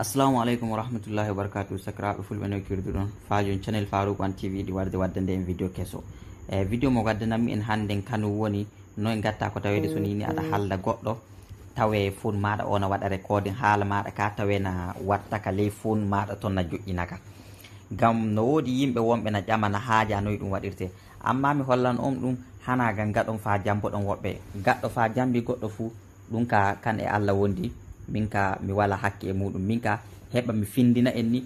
assalamu aleykum warahmatullahi wabarakatu sakiraɓe fulɓe no kirdu ɗon fajon channel farouk an tv ɗi warde wadda nde e, en vidéo kesso eyi vidéo mo gaddanami en hannde kanum woni noy gatta ko tawede so nini aɗa halda goɗɗo tawe fon maɗa ona waɗa recording haala maɗa ka tawe na wattaka ley fon maɗa toon na joƴƴinaka gam no woodi yimɓe wonɓe na ƴama na haaja noy ɗum waɗirte amma mi hollan on ɗum hanagal gaɗon fa jambo ɗon woɓɓe gaɗɗo fa jambi goɗɗo fuu ɗum ka kan e allah wondi min ka mi wala hakke e muɗum min ka heɓa mi findina en ni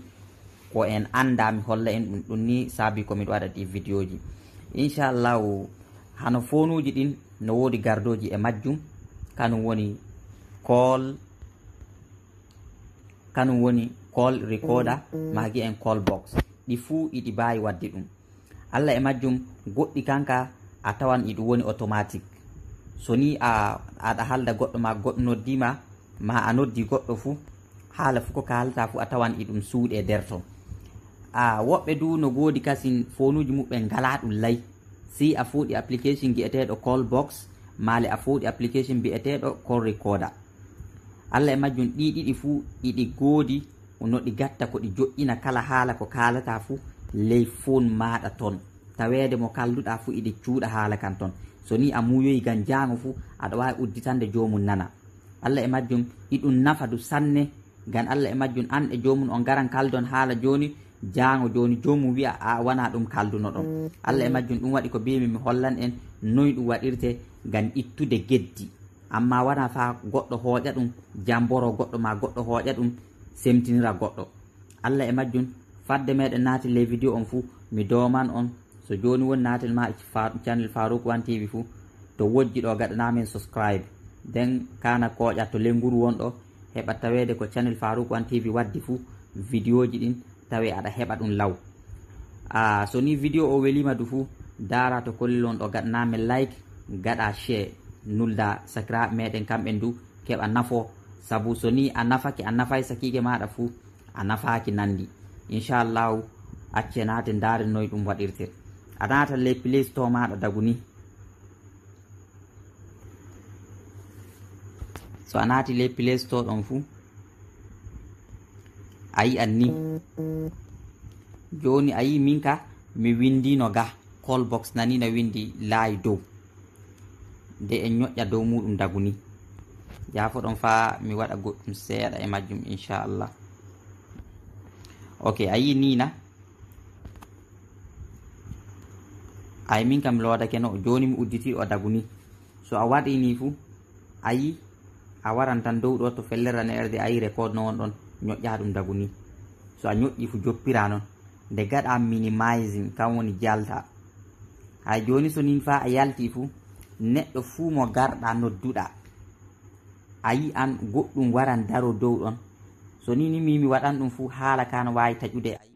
ko en anda mi holla en ɗum ɗum ni saabi komiɗo waɗa ɗi vidéo ji inchallahu hano fonuji ɗin no wodi gardoji e majjum kanum woni call kanum woni call recorder magi en call box ɗi fuu iɗi mbawi wadde ɗum allah e majjum goɗɗi kanka a tawan iɗum woni automatique so ni a aɗa halda goɗɗo ma goɗɗo noddima ma a noddi goɗɗo fuu haala fuu ko kaalata fuu a tawan e ɗum suuɗe nderto a woɓɓe du no goodi kasin fonuji muɓɓe ngala ɗum lay si a fuuɗi application gi'eteɗo call box male a fuuɗi application mbi'eteɗo call recorda allah e majjum ɗi ɗiɗi fuu iɗi goodi noɗi gatta koɗi joƴƴina kala haala ko kaalata fuu ley fon maɗa toon taweede mo kalluɗa fuu iɗi cuuɗa haala kan toon so ni a muyoyi gan jaango fuu aɗa wawi udditande joomum nana allah e majjum iɗum nafadu sanne gan allah e majjum an e jomum on garan kaldon haala joni jaango joni jomum wiya a wona ɗum kaldunoɗon allah e majjum ɗum waɗi ko bimi mi hollan en noyi ɗum waɗirte gan ittude geddi amma wona fa goɗɗo hooƴa ɗum jamboro goɗɗo ma goɗɗo hooƴa ɗum semtinira goɗɗo allah e majjum fadde meɗen naati le vidéo on fuu mi dooman on so joni woni naatel ma channel farouk wan tv fuu to wojji ɗo gaɗanamin souscribe den kana koƴatto lenguru wonɗo heɓa tawede ko channel farouk an tv waddi fuu vidéo ji ɗin tawe aɗa heɓa ɗum law uh, so ni vidéo o welima du fuu dara to kollel on ɗo gaɗanami like gaɗa chair nulda sacrae meɗen kamɓen du keɓa nafo saabu so ni a nafake a nafa sakike maɗa fuu a nafaki nandi inchallahu acce nate daren noye ɗum waɗirte a nata les play store maɗa dagu ni so a naati ley play store ɗon fuu a yi an ni joni a yi min ka mi windino ga call box nani no windi laayi dow nde en ñoƴƴa dow muɗum dagu ni jafo ɗon fa mi waɗa goɗɗum seeɗa e majjum inchallah ok a yi nina ay min kam mi lowadake no joni mi udditi o dagu ni so a waɗini fuu a yi a waran tan dow ɗo to fellere ranerde ayi record nowon ɗon ñoƴƴa ɗum dagu ni so a ñoƴƴi fu joppira noon nde gaɗa minimising kam woni jalta hay joni so nin fa a yalti fu neɗɗo fuu mo garɗa nodduɗa a yi an goɗɗum waran daro dow ɗon so ni ni mimi waɗan ɗum fu haala kano wawi taƴude